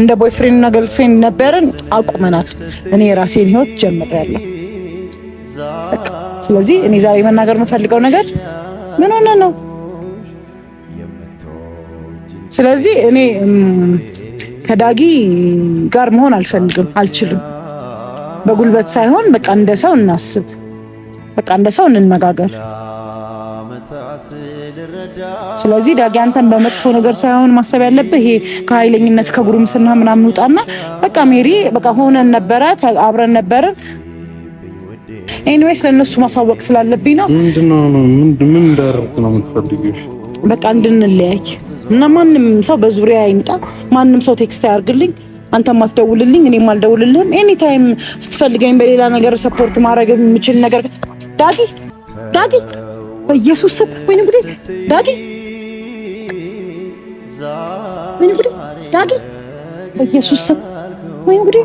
እንደ ቦይፍሬንድ እና ገርልፍሬንድ ነበርን፣ አቁመናል። እኔ የራሴን ህይወት ጀምሬያለሁ። ስለዚህ እኔ ዛሬ መናገር የምፈልገው ነገር ምን ሆነ ነው። ስለዚህ እኔ ከዳጊ ጋር መሆን አልፈልግም፣ አልችልም። በጉልበት ሳይሆን በቃ እንደ ሰው እናስብ፣ በቃ እንደ ሰው እንነጋገር። ስለዚህ ዳጊ አንተን በመጥፎ ነገር ሳይሆን ማሰብ ያለብህ ይሄ ከኃይለኝነት ከጉርምስና ምናምን ውጣና በቃ ሜሪ በቃ ሆነን ነበረ አብረን ነበርን። ኤኒዌይስ ለእነሱ ማሳወቅ ስላለብኝ ነው። ምንድነው ምን እንዳደረግ ነው የምትፈልጊው? በቃ እንድንለያይ እና ማንም ሰው በዙሪያ ይምጣ፣ ማንም ሰው ቴክስት አያርግልኝ፣ አንተ ማትደውልልኝ፣ እኔም አልደውልልህም። ኤኒ ታይም ስትፈልገኝ በሌላ ነገር ሰፖርት ማድረግ የምችል ነገር ዳጊ ዳጊ በኢየሱስ ስም ወይኔ ጉዴ ዳጊ፣ ወይኔ ጉዴ ዳጊ፣ በኢየሱስ ስም ወይኔ ጉዴ፣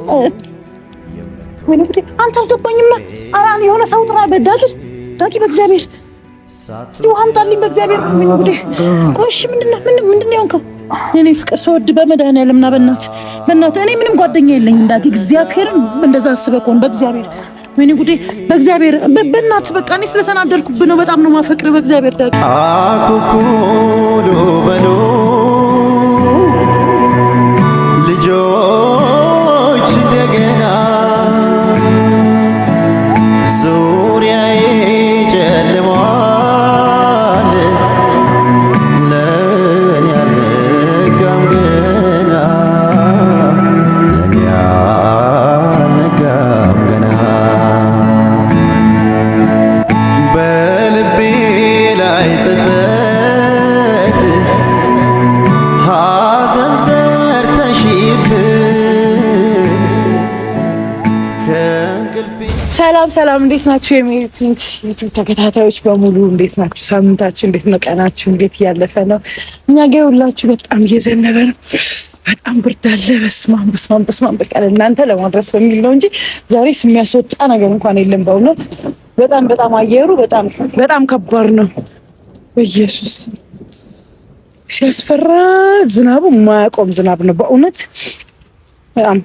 ወይኔ ጉዴ አንተ አልገባኝም። አራን የሆነ ሰው ጥራ። በዳጊ ዳጊ፣ በእግዚአብሔር እስቲ ውሃ አምጣልኝ በእግዚአብሔር። ወይኔ ጉዴ። ቆሽ ምንድነው? ምን ምንድነው ምንድን የሆንከው? እኔ ፍቅር ስወድ በመድኃኒዓለምና በእናት በእናት እኔ ምንም ጓደኛ የለኝም ዳጊ። እግዚአብሔርን እንደዛ አስበህ ከሆነ በእግዚአብሔር ወይኔ ጉዴ! በእግዚአብሔር በእናት በቃ እኔ ስለተናደድኩብህ ነው። በጣም ነው ማፈቅር። በእግዚአብሔር ዳግ አኩኩሉ በሉ ልጆ ሰላም እንዴት ናችሁ? የሜሪ ፒንክ ዩቲዩብ ተከታታዮች በሙሉ እንዴት ናችሁ? ሳምንታችሁ እንዴት ነው? ቀናችሁ እንዴት እያለፈ ነው? እኛ ጋ ሁላችሁ በጣም እየዘነበ ነው። በጣም ብርድ አለ። በስማም በስማም በስማም በቃ እናንተ ለማድረስ በሚል ነው እንጂ ዛሬስ የሚያስወጣ ነገር እንኳን የለም። በእውነት በጣም በጣም አየሩ በጣም በጣም ከባድ ነው። በኢየሱስ ሲያስፈራ ዝናቡ የማያቆም ዝናብ ነው በእውነት በጣም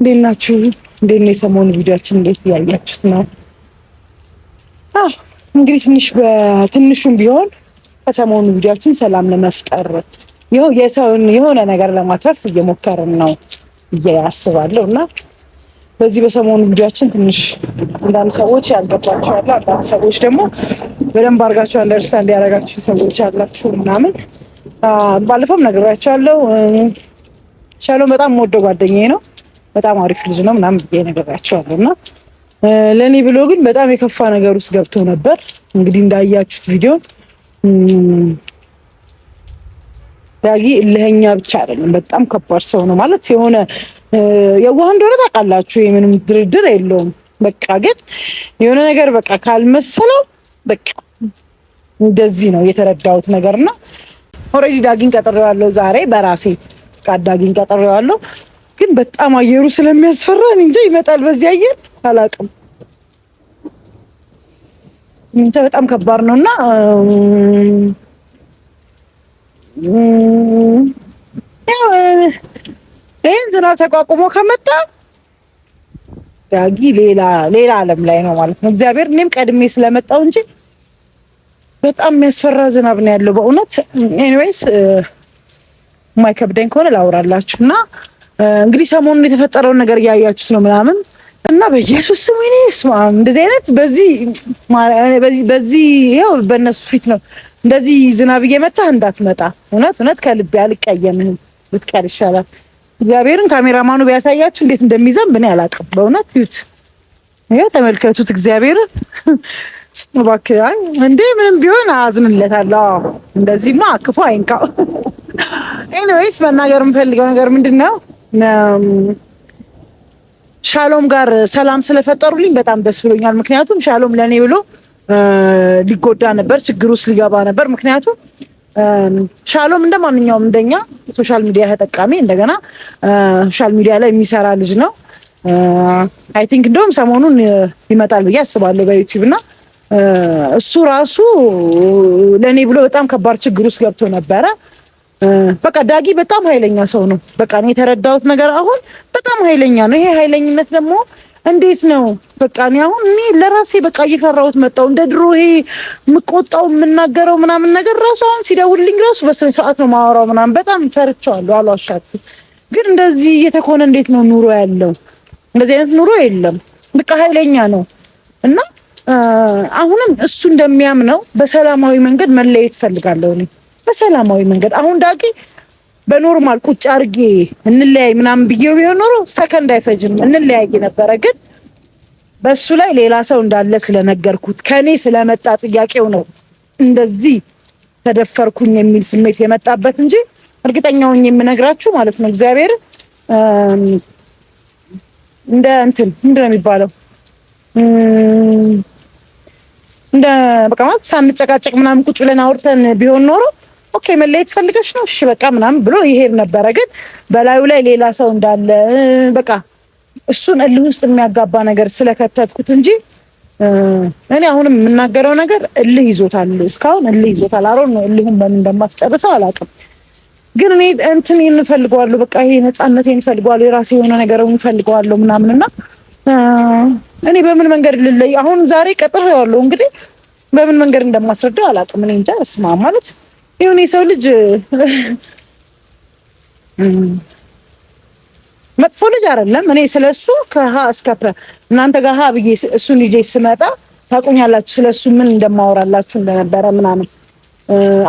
እንዴት ናችሁ? እንዴት ነው የሰሞኑ ቪዲዮችን እንዴት እያያችሁት ነው? አዎ እንግዲህ ትንሽ በትንሹም ቢሆን ከሰሞኑ ቪዲዮችን ሰላም ለመፍጠር የሰውን የሆነ ነገር ለማትረፍ እየሞከርን ነው ብዬ አስባለሁ እና በዚህ በሰሞኑ ቪዲዮችን ትንሽ አንዳንድ ሰዎች ያልገባችሁ አለ፣ አንዳንድ ሰዎች ደግሞ በደንብ አድርጋችሁ አንደርስታንድ ያደረጋችሁ ሰዎች አላችሁ ምናምን። ባለፈውም ነግራችኋለሁ። ሻሎም በጣም የምወደው ጓደኛዬ ነው። በጣም አሪፍ ልጅ ነው ምናምን ብዬ ነገራቸዋለሁ እና ለእኔ ብሎ ግን በጣም የከፋ ነገር ውስጥ ገብቶ ነበር። እንግዲህ እንዳያችሁት ቪዲዮ ዳጊ እልኸኛ ብቻ አይደለም፣ በጣም ከባድ ሰው ነው። ማለት የሆነ የዋህ እንደሆነ ታውቃላችሁ፣ የምንም ድርድር የለውም። በቃ ግን የሆነ ነገር በቃ ካልመሰለው በቃ እንደዚህ ነው የተረዳሁት ነገርና ኦልሬዲ ዳጊን ቀጥሬዋለሁ ዛሬ በራሴ ቃ ዳጊን ቀጥሬዋለሁ ግን በጣም አየሩ ስለሚያስፈራ እንጃ ይመጣል። በዚህ አየር አላውቅም እንጃ በጣም ከባድ ነው እና ይህን ዝናብ ተቋቁሞ ከመጣ ዳጊ ሌላ ሌላ ዓለም ላይ ነው ማለት ነው። እግዚአብሔር እኔም ቀድሜ ስለመጣው እንጂ በጣም የሚያስፈራ ዝናብ ነው ያለው በእውነት ኤኒዌይስ የማይከብደኝ ከሆነ ላውራላችሁ እና እንግዲህ ሰሞኑን የተፈጠረውን ነገር እያያችሁት ነው ምናምን እና በኢየሱስ ስም እኔ ስማ እንደዚህ አይነት በዚህ በዚህ በዚህ ይኸው በእነሱ ፊት ነው እንደዚህ ዝናብ እየመታ እንዳትመጣ። እውነት እውነት ከልቤ አልቀየምህም ብትቀር ይሻላል። እግዚአብሔርን ካሜራማኑ ቢያሳያችሁ እንዴት እንደሚዘንብ እኔ አላውቅም። በእውነት ዩት ይኸው ተመልከቱት። እግዚአብሔርን እባክህ እንዴ ምንም ቢሆን አዝንለታለሁ። እንደዚህማ ክፉ አይንካው። ኤኒዌይስ መናገር የምፈልገው ነገር ምንድን ነው ሻሎም ጋር ሰላም ስለፈጠሩልኝ በጣም ደስ ብሎኛል። ምክንያቱም ሻሎም ለእኔ ብሎ ሊጎዳ ነበር፣ ችግር ውስጥ ሊገባ ነበር። ምክንያቱም ሻሎም እንደማንኛውም እንደኛ ሶሻል ሚዲያ ተጠቃሚ እንደገና ሶሻል ሚዲያ ላይ የሚሰራ ልጅ ነው። አይ ቲንክ እንደውም ሰሞኑን ይመጣል ብዬ አስባለሁ በዩቲዩብ እና እሱ ራሱ ለእኔ ብሎ በጣም ከባድ ችግር ውስጥ ገብቶ ነበረ። በቃ ዳጊ በጣም ኃይለኛ ሰው ነው። በቃ እኔ የተረዳሁት ነገር አሁን በጣም ኃይለኛ ነው። ይሄ ኃይለኝነት ደግሞ እንዴት ነው በቃ እኔ አሁን እኔ ለራሴ በቃ እየፈራሁት መጣሁ። እንደ ድሮ ይሄ የምቆጣው የምናገረው ምናምን ነገር ራሱ አሁን ሲደውልኝ ራሱ በስነ ስርዓት ነው ማወራው ምናምን በጣም ፈርቻለሁ። አሏሻት ግን እንደዚህ እየተኮነ እንዴት ነው ኑሮ ያለው? እንደዚህ አይነት ኑሮ የለም። በቃ ኃይለኛ ነው እና አሁንም እሱ እንደሚያምነው በሰላማዊ መንገድ መለየት እፈልጋለሁ እኔ በሰላማዊ መንገድ አሁን ዳጊ በኖርማል ቁጭ አርጌ እንለያይ ምናምን ብዬ ቢሆን ኖሮ ሰከንድ አይፈጅም እንለያይ ነበረ። ግን በሱ ላይ ሌላ ሰው እንዳለ ስለነገርኩት ከኔ ስለመጣ ጥያቄው ነው እንደዚህ ተደፈርኩኝ የሚል ስሜት የመጣበት እንጂ እርግጠኛውን የምነግራችሁ ማለት ነው እግዚአብሔር እንደ እንትን ምንድን ነው የሚባለው እንደ በቃ ማለት ሳንጨቃጨቅ ምናምን ቁጭ ብለን አውርተን ቢሆን ኖሮ ኦኬ መለየት ፈልገሽ ነው እሺ በቃ ምናምን ብሎ ይሄድ ነበረ። ግን በላዩ ላይ ሌላ ሰው እንዳለ በቃ እሱን እልህ ውስጥ የሚያጋባ ነገር ስለከተትኩት እንጂ እኔ አሁንም የምናገረው ነገር እልህ ይዞታል፣ እስካሁን እልህ ይዞታል። አሮን ነው እልሁን በምን እንደማስጨርሰው አላውቅም። ግን እኔ እንትን እንፈልገዋለሁ፣ በቃ ይሄ ነፃነት እንፈልገዋለሁ፣ የራሴ የሆነ ነገር እንፈልገዋለሁ ምናምን እና እኔ በምን መንገድ ልለይ አሁን ዛሬ ቀጥሬዋለሁ። እንግዲህ በምን መንገድ እንደማስረዳው አላውቅም። እኔ እንጃ ስማ ማለት የሆነ የሰው ልጅ መጥፎ ልጅ አይደለም። እኔ ስለሱ ከሀ እስከ ፐ እናንተ ጋር ሀ ብዬ እሱን ልጄ ስመጣ ታቆኛላችሁ፣ ስለሱ ምን እንደማወራላችሁ እንደነበረ ምናምን።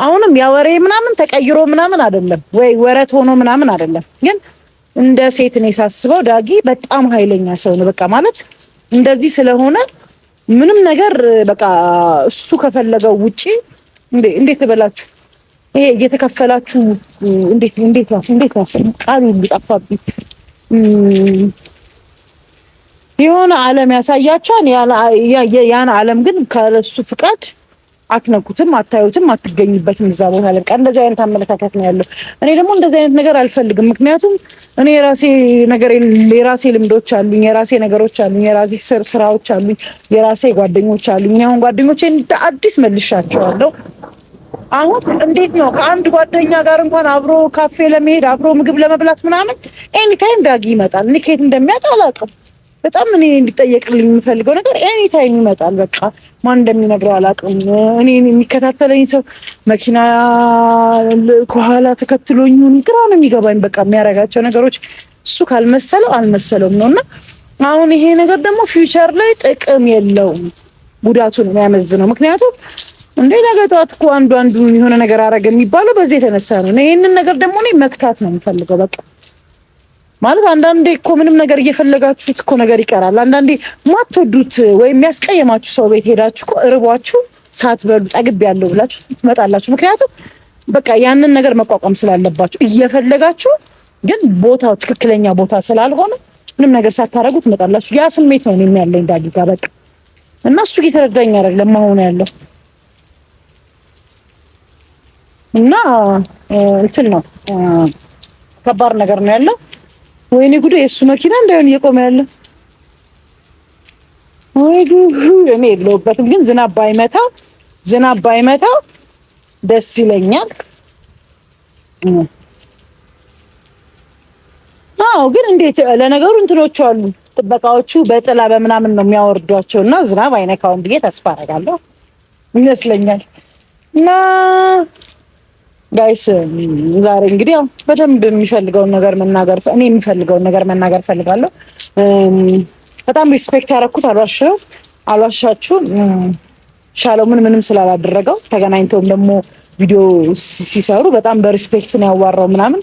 አሁንም ያ ወሬ ምናምን ተቀይሮ ምናምን አይደለም ወይ ወረት ሆኖ ምናምን አይደለም። ግን እንደ ሴት እኔ ሳስበው ዳጊ በጣም ኃይለኛ ሰው ነው። በቃ ማለት እንደዚህ ስለሆነ ምንም ነገር በቃ እሱ ከፈለገው ውጪ እንዴት ትበላችሁ ይሄ እየተከፈላችሁ እንዴት እንዴት ነው እንዴት ነው ቃሉ ሁሉ ጠፋብኝ። የሆነ ዓለም ያሳያቸዋል። ያን ዓለም ግን ከእሱ ፍቃድ አትነኩትም፣ አታዩትም፣ አትገኝበትም እዛ ቦታ ላይ። በቃ እንደዚህ አይነት አመለካከት ነው ያለው። እኔ ደግሞ እንደዚህ አይነት ነገር አልፈልግም። ምክንያቱም እኔ የራሴ ነገር የራሴ ልምዶች አሉኝ፣ የራሴ ነገሮች አሉኝ፣ የራሴ ስራዎች አሉኝ፣ የራሴ ጓደኞች አሉኝ። አሁን ጓደኞቼ እንደ አዲስ መልሻቸዋለሁ። አሁን እንዴት ነው ከአንድ ጓደኛ ጋር እንኳን አብሮ ካፌ ለመሄድ አብሮ ምግብ ለመብላት ምናምን ኤኒ ታይም ዳጊ ይመጣል። እኔ ከየት እንደሚያውቅ አላውቅም። በጣም እኔ እንዲጠየቅልኝ የምፈልገው ነገር ኤኒታይም ይመጣል። በቃ ማን እንደሚነግረው አላውቅም። እኔ የሚከታተለኝ ሰው መኪና ከኋላ ተከትሎኝ ግራ ነው የሚገባኝ። በቃ የሚያረጋቸው ነገሮች እሱ ካልመሰለው አልመሰለውም ነው እና አሁን ይሄ ነገር ደግሞ ፊውቸር ላይ ጥቅም የለውም፣ ጉዳቱን የሚያመዝነው ምክንያቱም እንዴ ነገ ጠዋት እኮ አንዱ አንዱን የሆነ ነገር አረገ የሚባለው በዚህ የተነሳ ነው። ይህንን ነገር ደግሞ እኔ መክታት ነው የምፈልገው። በቃ ማለት አንዳንዴ እኮ ምንም ነገር እየፈለጋችሁት እኮ ነገር ይቀራል። አንዳንዴ ማትወዱት ወይም የሚያስቀየማችሁ ሰው ቤት ሄዳችሁ እኮ እርቧችሁ ሳትበሉ ያለው ብላችሁ ትመጣላችሁ። ምክንያቱም በቃ ያንን ነገር መቋቋም ስላለባችሁ እየፈለጋችሁ ግን ቦታው ትክክለኛ ቦታ ስላልሆነ ምንም ነገር ሳታረጉ ትመጣላችሁ። ያ ስሜት ነው የሚያለኝ ያለኝ ዳጊ ጋር በቃ እና እሱ እየተረዳኝ አይደለም አሁን ያለው እና እንትን ነው ከባድ ነገር ነው ያለው። ወይኔ ጉዱ የእሱ መኪና እንዳይሆን እየቆመ ያለ ወይ እኔ የለውበትም ግን ዝናብ ባይመታው ዝናብ ባይመታው ደስ ይለኛል። አዎ፣ ግን እንዴት ለነገሩ እንትኖቹ አሉ ጥበቃዎቹ በጥላ በምናምን ነው የሚያወርዷቸው እና ዝናብ አይነካውን ብዬ ተስፋ አደርጋለሁ ይመስለኛል እና ጋይስ ዛሬ እንግዲህ ያው በደንብ የሚፈልገውን ነገር መናገር እኔ የሚፈልገውን ነገር መናገር ፈልጋለሁ። በጣም ሪስፔክት ያደረኩት አልዋሽ አሏሻችሁ ሻሎምን ምንም ስላላደረገው ተገናኝተውም ደግሞ ቪዲዮ ሲሰሩ በጣም በሪስፔክት ነው ያዋራው ምናምን።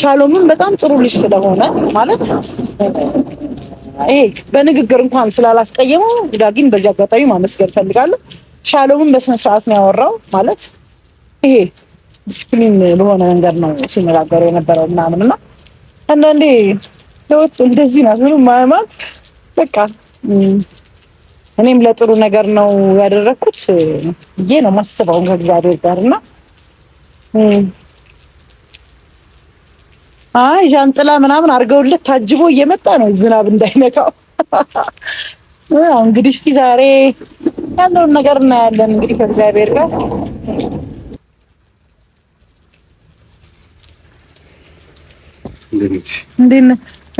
ሻሎምን በጣም ጥሩ ልጅ ስለሆነ ማለት ይሄ በንግግር እንኳን ስላላስቀየመው ዳጊን በዚህ አጋጣሚ ማመስገን ፈልጋለሁ። ሻሎምን በስነስርዓት ነው ያወራው ማለት ይሄ ዲስፕሊን በሆነ መንገድ ነው ሲነጋገሩ የነበረው ምናምን እና አንዳንዴ ህይወት እንደዚህ ናት። ምንም ማለት በቃ እኔም ለጥሩ ነገር ነው ያደረግኩት ብዬ ነው ማስበውን ከእግዚአብሔር ጋር እና አይ ዣንጥላ ምናምን አድርገውለት ታጅቦ እየመጣ ነው ዝናብ እንዳይነካው። እንግዲህ እስቲ ዛሬ ያለውን ነገር እናያለን እንግዲህ ከእግዚአብሔር ጋር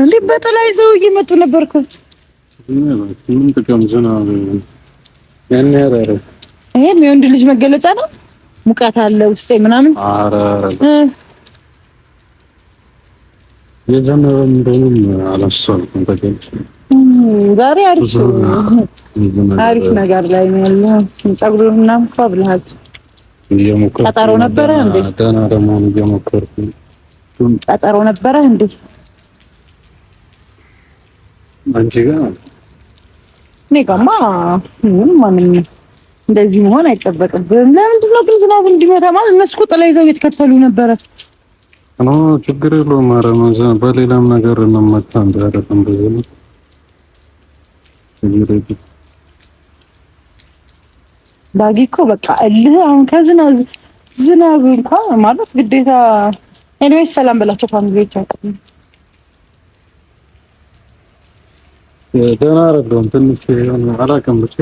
እንዴ በጥላ ይዘው እየመጡ ነበር እኮ ይሄም የወንድ ልጅ መገለጫ ነው። ሙቀት አለ ውስጤ ምናምን የዘነበም እንደሆነም አላሰብኩም። ዛሬ አሪፍ አሪፍ ነገር ላይ ነው ያለው። ፀጉሩን ምናምን ብለሃል። ቀጠሮ ነበረ እንዴ? ደህና ደግሞ እየሞከርኩ ነው ሁለታችሁም ቀጠሮ ነበረ እንዴ? አንቺ ጋር እኔ ጋማ ምንም ማንም እንደዚህ መሆን አይጠበቅብም። ለምንድን ነው ግን ዝናብ እንዲመጣ ማለት እነሱ እኮ ጥላ ይዘው እየተከተሉ ነበረ። ኖ ችግር የለውም። ኧረ በሌላም ነገር እንመታ እንዳያደርግም ብዙ ነው ዳጊ እኮ በቃ እልህ አሁን ከዝናብ ዝናብ እንኳን ማለት ግዴታ ኤኒዌይስ ሰላም በላቸው ፋሚሊዎች። ደህና አይደለሁም ትንሽ አላውቅም ብቻ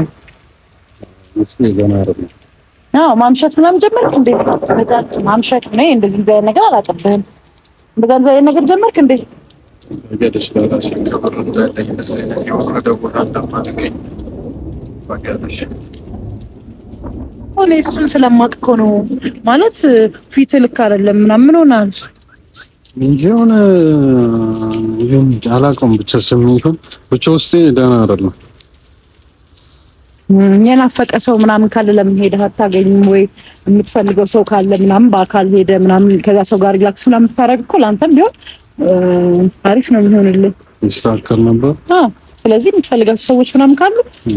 ውስጤ ደህና አይደለም። አዎ ማምሸት ምናምን ጀመርክ እንዴ? በዛት ማምሸት ነው እንደዚህ እንደዚህ ነገር አላቀብህም። በዛት እንደዚህ ነገር ጀመርክ እንዴ? ነገርሽ ለራሴ ከብር እንዳለኝ እንደዚህ የወረደ ቦታ እንደማልገኝ ታውቂያለሽ እኔ እሱን ስለማቅ እኮ ነው ማለት ፊት ልክ አይደለም ምናምን ሆናል እንጂ ሆነ የሆነ አላውቀውም። ብቻ ስሜቱን ብቻ ውስጤ ደህና አይደለም። የናፈቀ ሰው ምናምን ካለ ለምን ሄደህ አታገኝም ወይ? የምትፈልገው ሰው ካለ ምናምን በአካል ሄደ ምናምን ከዛ ሰው ጋር ሪላክስ ምናምን ብታደርግ እኮ ለአንተም ቢሆን አሪፍ ነው የሚሆንልህ፣ ይስተካከል ነበር። ስለዚህ የምትፈልጋቸው ሰዎች ምናምን ካሉ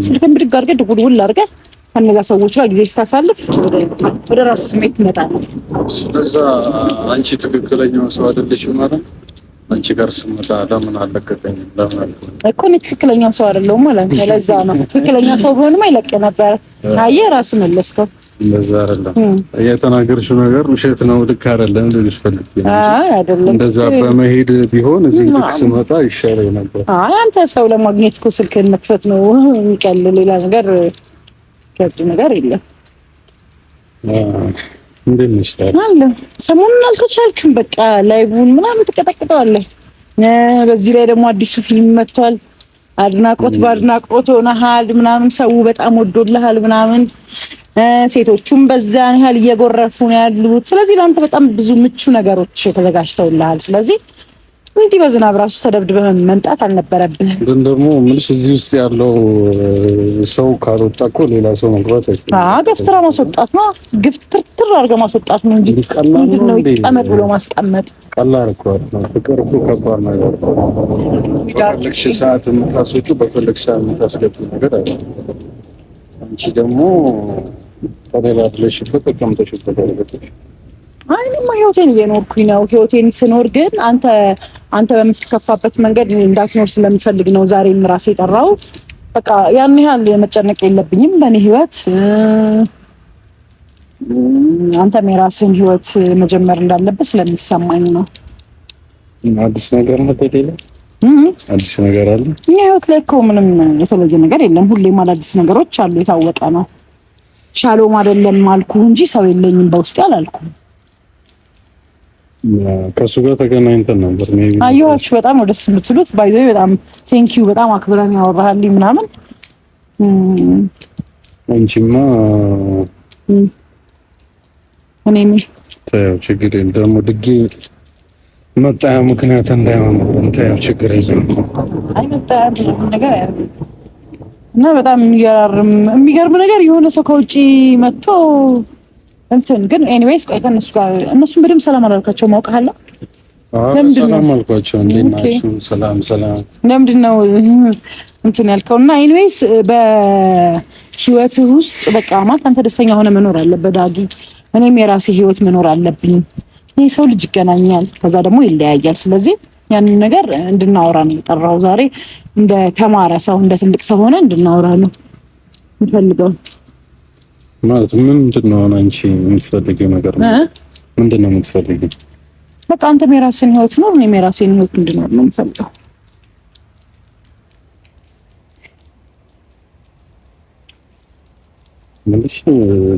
ስልክን ብድግ አድርገህ ድውልውል አድርገህ ከነዛ ሰዎች ጋር ጊዜ ስታሳልፍ ወደ ራስ ስሜት ትመጣለህ። ስለዛ አንቺ ትክክለኛው ሰው አይደለሽም ማለት አንቺ ጋር ስመጣ ለምን አልለቀቀኝም? ለምን እኮ እኔ ትክክለኛው ሰው አይደለሁም ማለት ነው። ለዛ ነው ትክክለኛ ሰው ቢሆንም አይለቅ ነበር። አየህ ራስ መለስከው። እንደዛ አይደለም የተናገርሽው ነገር ውሸት ነው፣ ልክ አይደለም ልልሽ ፈልጌ አይ አይደለም፣ እንደዛ በመሄድ ቢሆን እዚህ ልክ ስመጣ ይሻለኝ ነበር። አይ አንተ ሰው ለማግኘት እኮ ስልክህን መክፈት ነው የሚቀል ሌላ ነገር የሚያስረዱ ነገር የለም። እንዴት ነሽ አለ። ሰሞኑን አልተቻልክም፣ በቃ ላይቡን ምናምን ትቀጠቅጠዋለህ። በዚህ ላይ ደግሞ አዲሱ ፊልም መጥቷል። አድናቆት በአድናቆት ሆነሃል ምናምን፣ ሰው በጣም ወዶልሃል ምናምን፣ ሴቶቹም በዛን ያህል እየጎረፉ ነው ያሉት። ስለዚህ ለአንተ በጣም ብዙ ምቹ ነገሮች ተዘጋጅተውልሃል። ስለዚህ እንዲህ በዝናብ ራሱ ተደብድበህ መምጣት አልነበረብህም። ግን ደግሞ ምንሽ እዚህ ውስጥ ያለው ሰው ካልወጣ እኮ ሌላ ሰው መግባት አይችልም። ገፍትራ ማስወጣት ነው፣ ግፍትርትር አድርገህ ማስወጣት ነው እንጂ ምንድን ነው ይቀመጥ ብሎ ማስቀመጥ። ቀላል እኮ ፍቅር እኮ ከባድ ነገር፣ በፈለግሽ ሰዓት የምታስወጪ በፈለግሽ ሰዓት የምታስገቢ ነገር አለ። አንቺ ደግሞ ተደላድለሽበት ተቀምጠሽበት ያለበት አይንማ ህይወቴን እየኖርኩኝ ነው። ህይወቴን ስኖር ግን አንተ አንተ በምትከፋበት መንገድ እንዳትኖር ስለምፈልግ ነው ዛሬም ራሴ የጠራው። በቃ ያን ያህል መጨነቅ የለብኝም በእኔ ህይወት። አንተም የራስህን ህይወት መጀመር እንዳለበት ስለሚሰማኝ ነው። አዲስ ነገር አዲስ ነገር አለ። እኛ ህይወት ላይ እኮ ምንም የተለየ ነገር የለም። ሁሌም አዳዲስ ነገሮች አሉ። የታወቀ ነው። ሻሎም አይደለም አልኩ እንጂ ሰው የለኝም በውስጤ አላልኩም። ከሱ ጋር ተገናኝተን ነበር። አየኋችሁ፣ በጣም ነው ደስ የምትሉት። ባይዘ በጣም ዩ፣ በጣም አክብረን ያወራሃል ምናምን። አንቺማ እኔም ተይው፣ ችግር የለም ደግሞ ድጌ መጣያ ምክንያት እንዳይሆን ተይው፣ ችግር የለም። አይ መጣያ ነገር እና በጣም የሚገራርም የሚገርም ነገር የሆነ ሰው ከውጪ መጥቶ እንትን ግን ኤኒዌይስ ቆይ ከእነሱ ጋር እነሱን በደምብ ሰላም አላልኳቸው ማውቃለ ለምንድን ነው እንትን ያልከው? እና ኤኒዌይስ በህይወትህ ውስጥ በቃ ማለት አንተ ደስተኛ ሆነ መኖር አለበት ዳጊ። እኔም የራሴ ህይወት መኖር አለብኝ። ይህ ሰው ልጅ ይገናኛል፣ ከዛ ደግሞ ይለያያል። ስለዚህ ያንን ነገር እንድናወራ ነው የጠራው ዛሬ። እንደ ተማረ ሰው እንደ ትልቅ ሰው ሆነ እንድናወራ ነው የምፈልገው። ማለት ምንድን ነው አንቺ የምትፈልጊው ነገር ነው? ምንድን ነው የምትፈልጊው? በቃ አንተም የራስህን ህይወት ነው፣ እኔም የራሴን ህይወት እንድኖር ነው የምፈልገው።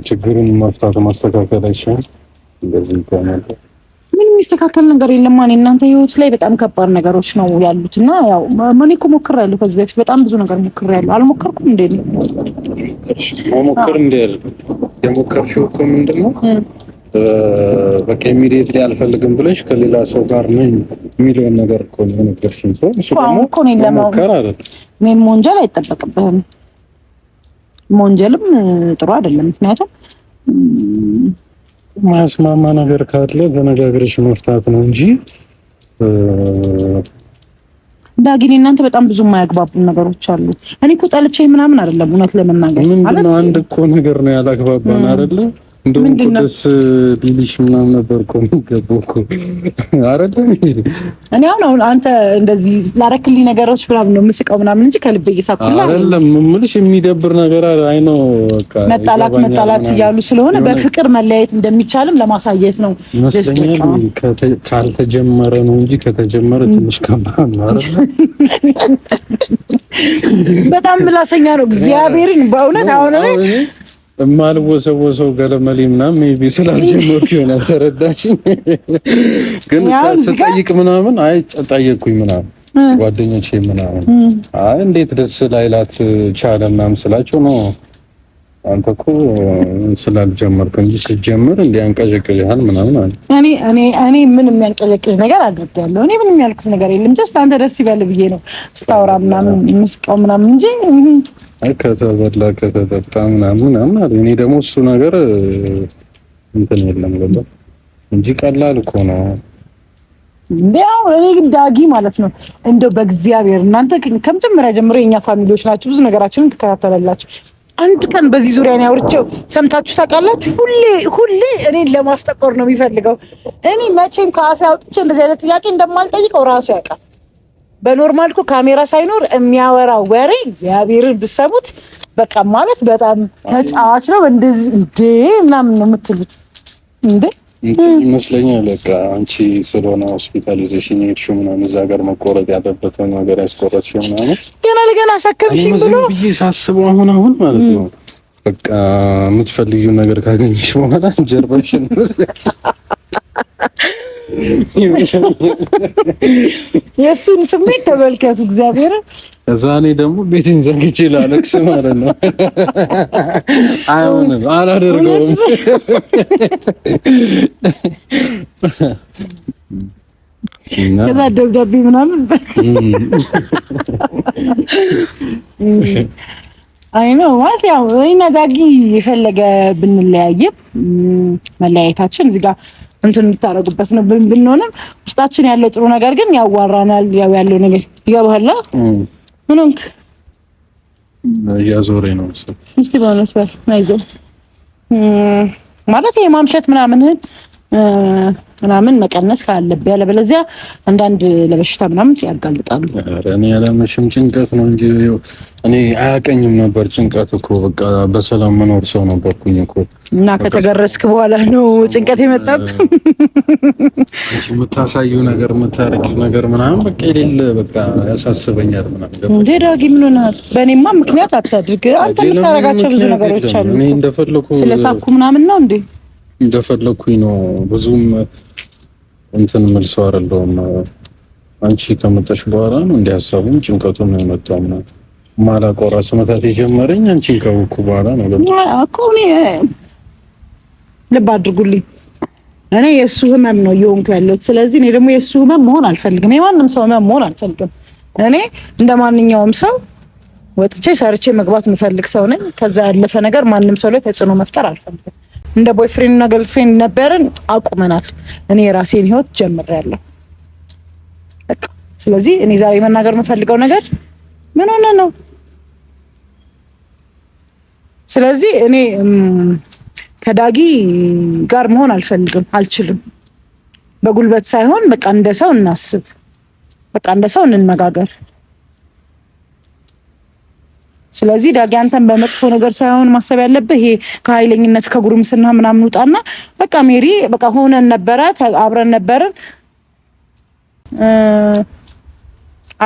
ችግሩን መፍታት ማስተካከል አይሻልም? እንደዚህ ከሆነ ምን የሚስተካከል ነገር የለም። እኔ እናንተ ህይወት ላይ በጣም ከባድ ነገሮች ነው ያሉት እና ያው እኔ እኮ ሞክሬያለሁ። ከዚህ በፊት በጣም ብዙ ነገር ሞክሬያለሁ። አልሞከርኩም እንዴ? መሞከር እንዴ? የሞከርሽው እኮ ምንድን ነው በቃ ኢሚዲየት ላይ አልፈልግም ብለሽ ከሌላ ሰው ጋር ነኝ የሚለውን ነገር እኮ ነው የነገርሽኝ። እኔም ወንጀል አይጠበቅብህም። ወንጀልም ጥሩ አይደለም ምክንያቱም ማስማማ ነገር ካለ በነጋገርሽ መፍታት ነው እንጂ ዳጊኔ እናንተ በጣም ብዙ የማያግባቡን ነገሮች አሉ። እኔ እኮ ጠልቼ ምናምን አይደለም እውነት ለመናገር አንድ እኮ ነገር ነው ያላግባባን አይደለም እንደውም ደስ ቢልሽ ምናምን ነበር እኮ የሚገባው እኮ አረደም። እኔ አሁን አሁን አንተ እንደዚህ ላረክልኝ ነገሮች ምናምን ነው የምስቀው ምናምን እንጂ ከልቤ እየሳኩላ አይደለም የምልሽ። የሚደብር ነገር አይ ነው መጣላት መጣላት እያሉ ስለሆነ በፍቅር መለያየት እንደሚቻልም ለማሳየት ነው ይመስለኛል። ካልተጀመረ ነው እንጂ ከተጀመረ ትንሽ ከባድ ነው። አረደ በጣም ምላሰኛ ነው እግዚአብሔርን በእውነት አሁን ላይ የማልወሰወሰው ገለመሌ ምናምን ሜይ ቢ ስላልጀመርኩ ይሆናል። ተረዳሽኝ። ግን ስጠይቅ ምናምን አይ ጠየቅኩኝ ምናምን ጓደኞቼ ምናምን አይ እንዴት ደስ ላይላት ቻለ ምናምን ስላቸው ነው አንተ እኮ ስላልጀመርክ እንጂ ስትጀምር እንደ አንቀዠቅዥሃል ምናምን አለ። እኔ እኔ እኔ ምንም የሚያንቀዠቅዥ ነገር አድርጌያለሁ። እኔ ምንም ያልኩት ነገር የለም። ጀስት አንተ ደስ ይበል ብዬ ነው ስታወራ ምናምን ምስቃው ምናምን እንጂ ከተበላ ከተጠጣ ምናምን ምናምን አለ። እኔ ደግሞ እሱ ነገር እንትን የለም ገባ እንጂ ቀላል እኮ ነው። ያው እኔ ግን ዳጊ ማለት ነው እንደው በእግዚአብሔር እናንተ ከመጀመሪያ ጀምሮ የኛ ፋሚሊዎች ናቸው፣ ብዙ ነገራችንን ትከታተላላችሁ። አንድ ቀን በዚህ ዙሪያ ነው ያወርቼው ሰምታችሁ ታውቃላችሁ? ሁሌ ሁሌ እኔን ለማስጠቆር ነው የሚፈልገው። እኔ መቼም ከአፌ አውጥቼ እንደዚህ አይነት ጥያቄ እንደማልጠይቀው ራሱ ያውቃል። በኖርማል እኮ ካሜራ ሳይኖር የሚያወራው ወሬ እግዚአብሔርን ብሰሙት በቃ ማለት በጣም ተጫዋች ነው። እንደዚህ እንዴ ምናምን ነው የምትሉት እንዴ ይመስለኛል። በቃ አንቺ ስለሆነ ሆስፒታሊዜሽን የሄድሽው ምናምን እዛ ጋር መቆረጥ ያለበትን ነገር ያስቆረጥሽው ምናምን ገና ለገና አሳከምሽኝ ብሎ ብዬ ሳስበው አሁን አሁን ማለት ነው በቃ የምትፈልጊውን ነገር ካገኘሽ በኋላ ጀርባሽን የእሱን ስሜት ተመልከቱ። እግዚአብሔር እዛ እኔ ደግሞ ቤቴን ዘግቼ ላለቅስ ማለት ነው። አይሆንም፣ አላደርገውም። ከዛ ደብዳቤ ምናምን አይ ነው ማለት ያው እኔና ዳጊ የፈለገ ብንለያየም መለያየታችን እዚህ ጋር እንትን የምታደርጉበት ነው ብንሆንም ውስጣችን ያለው ጥሩ ነገር ግን ያዋራናል። ያው ያለው ነገር ይገባሃል። ምን ሆንክ? እያዞረኝ ነው እስቲ በእውነት በል ናይዞ ማለት የማምሸት ምናምንህን ምናምን መቀነስ ካለብ ያለ በለዚያ አንዳንድ ለበሽታ ምናምን ያጋልጣሉ። እኔ ያለመሽም ጭንቀት ነው እንጂ እኔ አያቀኝም ነበር ጭንቀት እኮ በቃ በሰላም መኖር ሰው ነበርኩኝ እኮ እና ከተገረስክ በኋላ ነው ጭንቀት የመጣብ የምታሳዩ ነገር የምታደርጊው ነገር ምናምን በቃ የሌለ በቃ ያሳስበኛል ምናምን። እንዴ ዳጊ ምን ሆነሃል? በእኔማ ምክንያት አታድርግ። አንተ የምታደርጋቸው ብዙ ነገሮች አሉ። እኔ እንደፈለኩ ስለሳኩ ምናምን ነው እንዴ እንደፈለኩኝ ነው። ብዙም እንትን መልሶ ሰው አይደለሁም። አንቺ ከመጣሽ በኋላ ነው እንዲህ ሀሳቡም ጭንቀቱም ነው የመጣው። ማላውቀው ራስ መታት የጀመረኝ አንቺን ከውኩ በኋላ ነው። እኮ እኔ ልብ አድርጉልኝ፣ እኔ የእሱ ህመም ነው እየሆንኩ ያለሁት። ስለዚህ እኔ ደግሞ የእሱ ህመም መሆን አልፈልግም፣ የማንም ሰው ህመም መሆን አልፈልግም። እኔ እንደ ማንኛውም ሰው ወጥቼ ሰርቼ መግባት የምፈልግ ሰው ነኝ። ከዛ ያለፈ ነገር ማንም ሰው ላይ ተጽዕኖ መፍጠር አልፈልግም። እንደ ቦይፍሬንድ እና ገርልፍሬንድ ነበርን፣ አቁመናል። እኔ የራሴን ህይወት ጀምሬያለሁ። በቃ ስለዚህ እኔ ዛሬ መናገር የምፈልገው ነገር ምን ሆነ ነው። ስለዚህ እኔ ከዳጊ ጋር መሆን አልፈልግም፣ አልችልም። በጉልበት ሳይሆን በቃ እንደ ሰው እናስብ፣ በቃ እንደ ሰው እንነጋገር። ስለዚህ ዳጊ አንተን በመጥፎ ነገር ሳይሆን ማሰብ ያለብህ ይሄ ከኃይለኝነት ከጉርምስና ምናምን ውጣና በቃ ሜሪ በቃ ሆነን ነበረ አብረን ነበርን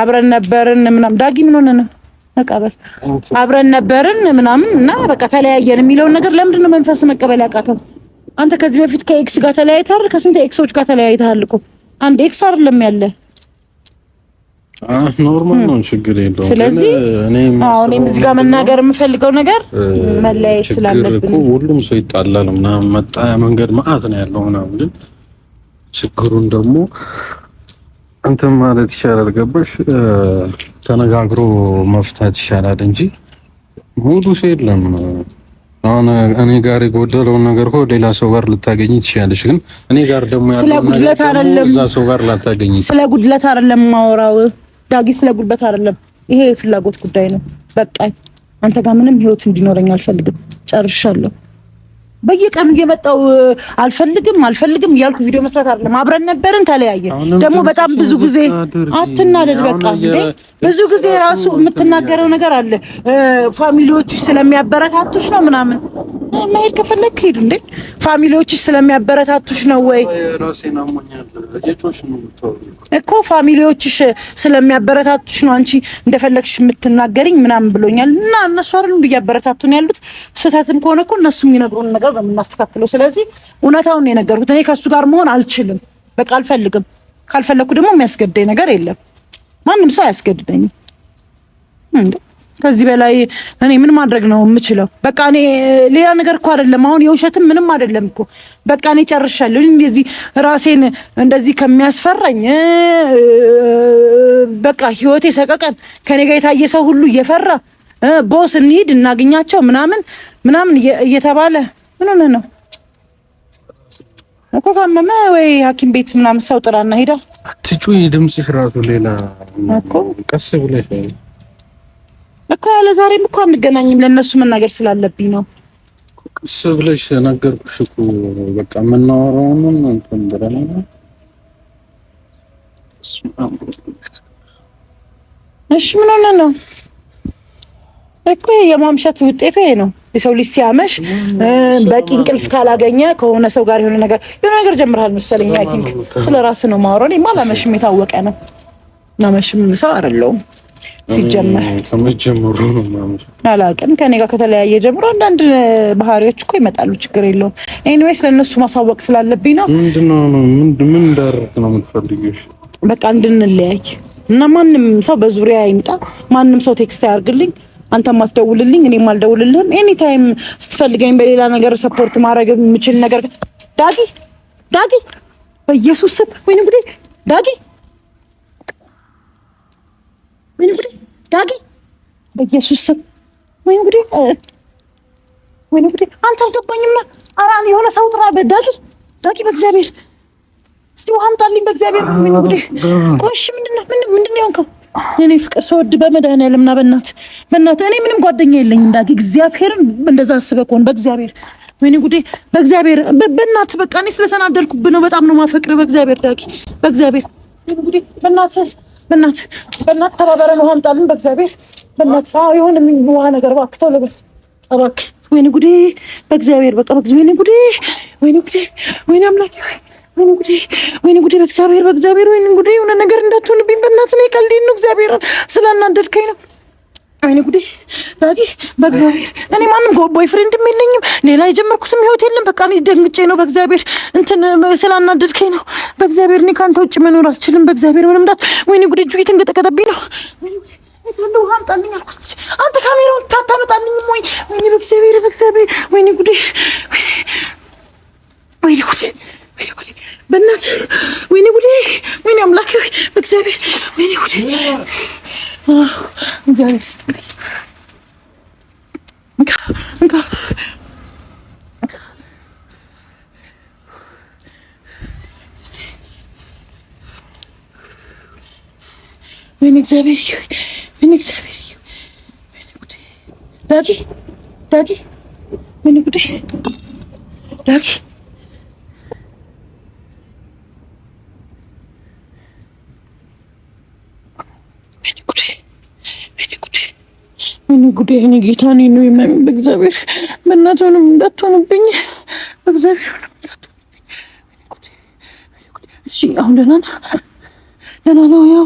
አብረን ነበርን ምናምን ዳጊ ምን ሆነ ነው መቀበል አብረን ነበርን ምናምን እና በቃ ተለያየን የሚለውን ነገር ለምንድን ነው መንፈስ መቀበል ያቃተው? አንተ ከዚህ በፊት ከኤክስ ጋር ተለያይተሃል። ከስንት ኤክሶች ጋር ተለያይተሃል እኮ አንድ ኤክስ አይደለም ያለህ ኖርማል ነው፣ ችግር የለውም። ስለዚህ እኔም እዚህ ጋር መናገር የምፈልገው ነገር መለያየት ስላለብን ሁሉም ሰው ይጣላል ምናምን መጣ መንገድ መዓት ነው ያለው ምናምን፣ ግን ችግሩን ደግሞ እንትን ማለት ይሻላል። ገባሽ? ተነጋግሮ መፍታት ይሻላል እንጂ ሙሉ ሰው የለም። አሁን እኔ ጋር የጎደለውን ነገር እኮ ሌላ ሰው ጋር ልታገኝ ትችላለች፣ ግን እኔ ጋር ደግሞ ያለው ነገር ስለ ጉድለት አይደለም፣ እዛ ሰው ጋር ላታገኝ ስለ ጉድለት አይደለም ማወራው ዳጊ ስለ ጉልበት አይደለም፣ ይሄ የፍላጎት ጉዳይ ነው። በቃ አንተ ጋር ምንም ህይወት እንዲኖረኝ አልፈልግም። ጨርሻለሁ። በየቀኑ እየመጣው አልፈልግም አልፈልግም እያልኩ ቪዲዮ መስራት አይደለም። አብረን ነበርን፣ ተለያየ። ደግሞ በጣም ብዙ ጊዜ አትናደድ። በቃ ብዙ ጊዜ ራሱ የምትናገረው ነገር አለ። ፋሚሊዎቹ ስለሚያበረታቱሽ ነው ምናምን መሄድ ከፈለግ ሄዱ። እንዴ ፋሚሊዎችሽ ስለሚያበረታቱሽ ነው ወይ እኮ ፋሚሊዎችሽ ስለሚያበረታቱሽ ነው አንቺ እንደፈለግሽ የምትናገርኝ ምናምን ብሎኛል። እና እነሱ አይደሉ እያበረታቱን ያሉት። ስህተትም ከሆነ እኮ እነሱ የሚነግሩን ነገር በምናስተካክለው። ስለዚህ እውነታውን የነገርኩት እኔ ከእሱ ጋር መሆን አልችልም። በቃ አልፈልግም። ካልፈለግኩ ደግሞ የሚያስገድደኝ ነገር የለም። ማንም ሰው አያስገድደኝም። ከዚህ በላይ እኔ ምን ማድረግ ነው የምችለው? በቃ እኔ ሌላ ነገር እኮ አይደለም፣ አሁን የውሸትም ምንም አይደለም እኮ በቃ እኔ ጨርሻለሁ። እንደዚህ ራሴን እንደዚህ ከሚያስፈራኝ በቃ ህይወቴ ሰቀቀን። ከኔ ጋር የታየ ሰው ሁሉ እየፈራ ቦስ እንሂድ እናገኛቸው ምናምን ምናምን እየተባለ ምን ሆነ ነው እኮ ካመመ ወይ ሐኪም ቤት ምናምን ሰው ጥራና ሄዳ ትጩ ድምጽሽ ራሱ ሌላ ቀስ ብለሽ እኮ ያለ ዛሬም እኮ አንገናኝም። ለእነሱ መናገር ስላለብኝ ነው። ቅስ ብለሽ ነገርኩሽ እኮ በቃ የምናወራውን እንትን ብለን እሺ ምን ሆነ ነው እኮ የማምሸት ውጤቱ ይሄ ነው። የሰው ልጅ ሲያመሽ በቂ እንቅልፍ ካላገኘ ከሆነ ሰው ጋር የሆነ ነገር የሆነ ነገር ጀምርሃል መሰለኝ። አይ ቲንክ ስለ ራስ ነው ማወራው። እኔማ አላመሽም፣ የታወቀ ነው። ማመሽም ሰው አይደለሁም። ሲጀመር ከመጀመሩ አላውቅም። ከኔ ጋር ከተለያየ ጀምሮ አንዳንድ ባህሪዎች እኮ ይመጣሉ። ችግር የለውም። ኤኒዌይስ ለእነሱ ማሳወቅ ስላለብኝ ነው። ምንድነው ምን እንዳደረግ ነው የምትፈልጊው? በቃ እንድንለያይ እና ማንም ሰው በዙሪያ ይምጣ፣ ማንም ሰው ቴክስት አያርግልኝ፣ አንተ ማትደውልልኝ እኔ ማልደውልልህም። ኤኒ ታይም ስትፈልገኝ በሌላ ነገር ሰፖርት ማድረግ የምችል ነገር ዳጊ ዳጊ በኢየሱስ ስም ወይንም ዳጊ በኢየሱስ ስም ወይ እንግዲህ ወይ እንግዲህ አንተ አልገባኝም። ኧረ የሆነ ሰው ጥራ። ዳጊ ዳጊ፣ በእግዚአብሔር እስቲ ውሃ አምጣልኝ። በእግዚአብሔር ወይ እንግዲህ ቆሽ ምንድነው? ምንድነው የሆንከው? የኔ ፍቅር ሰወድ በመድኃኒዓለም እና በእናትህ በእናትህ እኔ ምንም ጓደኛ የለኝም ዳጊ። እግዚአብሔርን እንደዛ አስበህ ከሆነ በእግዚአብሔር ወይኔ ጉዴ በእግዚአብሔር በእናትህ በቃ እኔ ስለተናደድኩብህ ነው። በጣም ነው የማፈቅርህ። በእግዚአብሔር ዳጊ፣ በእግዚአብሔር ጉዴ፣ በእናትህ በእናትህ በእናትህ ተባበረን፣ ውሃ አምጣልን በእግዚአብሔር በእናትህ የሆነ ውሃ ነገር እባክህ ተው ለበል እባክህ። ወይኔ ጉዴ! በእግዚአብሔር በቃ ወይኔ ጉዴ! ወይኔ ጉዴ! ወይኔ አምላኬ! ወይኔ ጉዴ! ወይኔ ጉዴ! በእግዚአብሔር በእግዚአብሔር ወይኔ ጉዴ! የሆነ ነገር እንዳትሆንብኝ በእናትህ ነው። ቀልዴን ነው። እግዚአብሔር ስላናደድከኝ ነው። ወይኔ ጉዴ! ዳጊ በእግዚአብሔር እኔ ማንም ቦይ ፍሬንድም የለኝም፣ ሌላ የጀመርኩትም ህይወት የለም። በቃ እኔ ደንግጬ ነው። በእግዚአብሔር እንትን ስላናደድከኝ ነው። በእግዚአብሔር እኔ ከአንተ ውጭ መኖር አስችልም። በእግዚአብሔር ምንም ዳት ወይኔ ጉዴ! እጁ እየተንቀጠቀጠብኝ ነው። ወይኔ እንደው አምጣልኝ አልኩት። አንተ ካሜራውን ታታመጣልኝ ወይ? ወይኔ በእግዚአብሔር በእግዚአብሔር፣ ወይኔ ጉዴ፣ ወይኔ ጉዴ፣ ወይኔ ጉዴ፣ በእናትህ ወይኔ ጉዴ፣ ወይኔ አምላኬ፣ በእግዚአብሔር ወይኔ ጉዴ። እግዚአብሔር ይስጥልኝ። ወይኔ እግዚአብሔር ምን እግዚአብሔር ምን ጉዴ! ዳጊ ዳጊ ምን ጉዴ! ዳጊ ምን ጉዴ! እኔ ጌታ እኔ ነው የማይሆን በእግዚአብሔር በእናትህ እንዳትሆንብኝ በእግዚአብሔር እንዳትሆንብኝ። እሺ አሁን ደህና ነህ? ደህና ነው ያው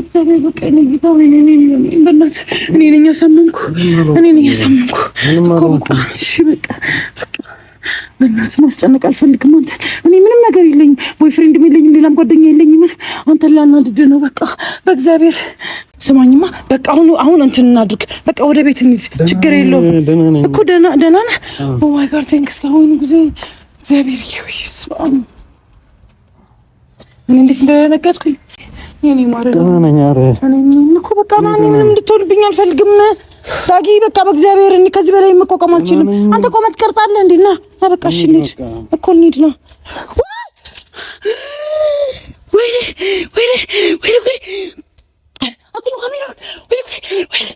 እግዚአብሔር በቃ እኔ ጌታ ወይ እኔ ነኝ ያሳመንኩ እኔ ነኝ ያሳመንኩ እኮ በቃ እሺ በቃ በቃ ማስጨነቅ አልፈልግም አንተ እኔ ምንም ነገር የለኝም ፍሬንድም የለኝም ሌላም ጓደኛ የለኝም አንተን ላናድድ ነው በቃ በእግዚአብሔር ስማኝማ በቃ አሁን አሁን እንትን እናድርግ በቃ ወደ ቤት እንሂድ ችግር የለውም እኮ ደህና ደህና ነህ ኦ ማይ ጋድ ቴንክስ ለአሁኑ ጊዜ እግዚአብሔር ይሁን እኔ እንዴት እንደደነገጥኩኝ እንድትሆንብኝ አልፈልግም። ዳጊ በቃ በእግዚአብሔር እኔ ከዚህ በላይ መቋቋም አልችልም። አንተ ቆመት ቀርጻለህ እንዴ? ና በቃ እሺ፣ እንሂድ እኮ እንሂድ። ና ወይኔ ወይኔ ወይኔ